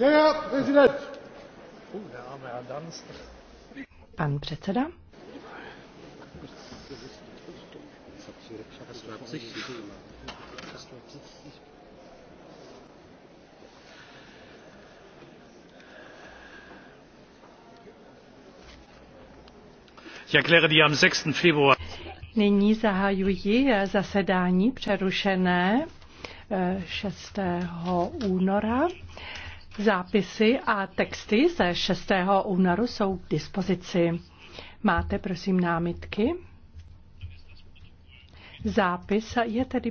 Oh, Pan předseda. Ich erkläre die am 6. Nyní zahajuji eh, zasedání přerušené 6. Eh, února. Zápisy a texty ze 6. únoru jsou k dispozici. Máte prosím námitky? Zápis je tedy